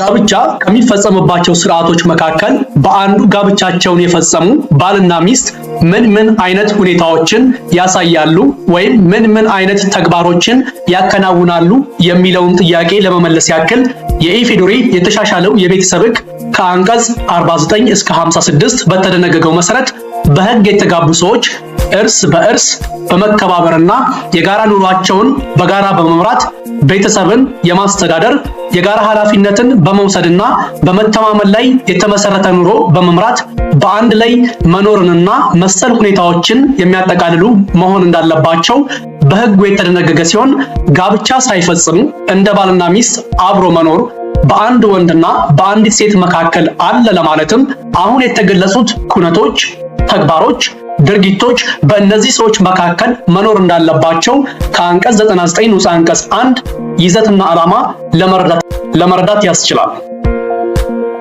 ጋብቻ ከሚፈጸምባቸው ስርዓቶች መካከል በአንዱ ጋብቻቸውን የፈጸሙ ባልና ሚስት ምን ምን አይነት ሁኔታዎችን ያሳያሉ ወይም ምን ምን አይነት ተግባሮችን ያከናውናሉ የሚለውን ጥያቄ ለመመለስ ያክል የኢፌዴሪ የተሻሻለው የቤተሰብ ህግ ከአንቀጽ 49 እስከ 56 በተደነገገው መሰረት በህግ የተጋቡ ሰዎች እርስ በእርስ በመከባበርና የጋራ ኑሯቸውን በጋራ በመምራት ቤተሰብን የማስተዳደር የጋራ ኃላፊነትን በመውሰድና በመተማመን ላይ የተመሰረተ ኑሮ በመምራት በአንድ ላይ መኖርንና መሰል ሁኔታዎችን የሚያጠቃልሉ መሆን እንዳለባቸው በሕጉ የተደነገገ ሲሆን ጋብቻ ሳይፈጽሙ እንደ ባልና ሚስት አብሮ መኖር በአንድ ወንድና በአንዲት ሴት መካከል አለ ለማለትም አሁን የተገለጹት ኩነቶች፣ ተግባሮች ድርጊቶች በእነዚህ ሰዎች መካከል መኖር እንዳለባቸው ከአንቀጽ 99 ንዑስ አንቀጽ ይዘትና ዓላማ ለመረዳት ያስችላል።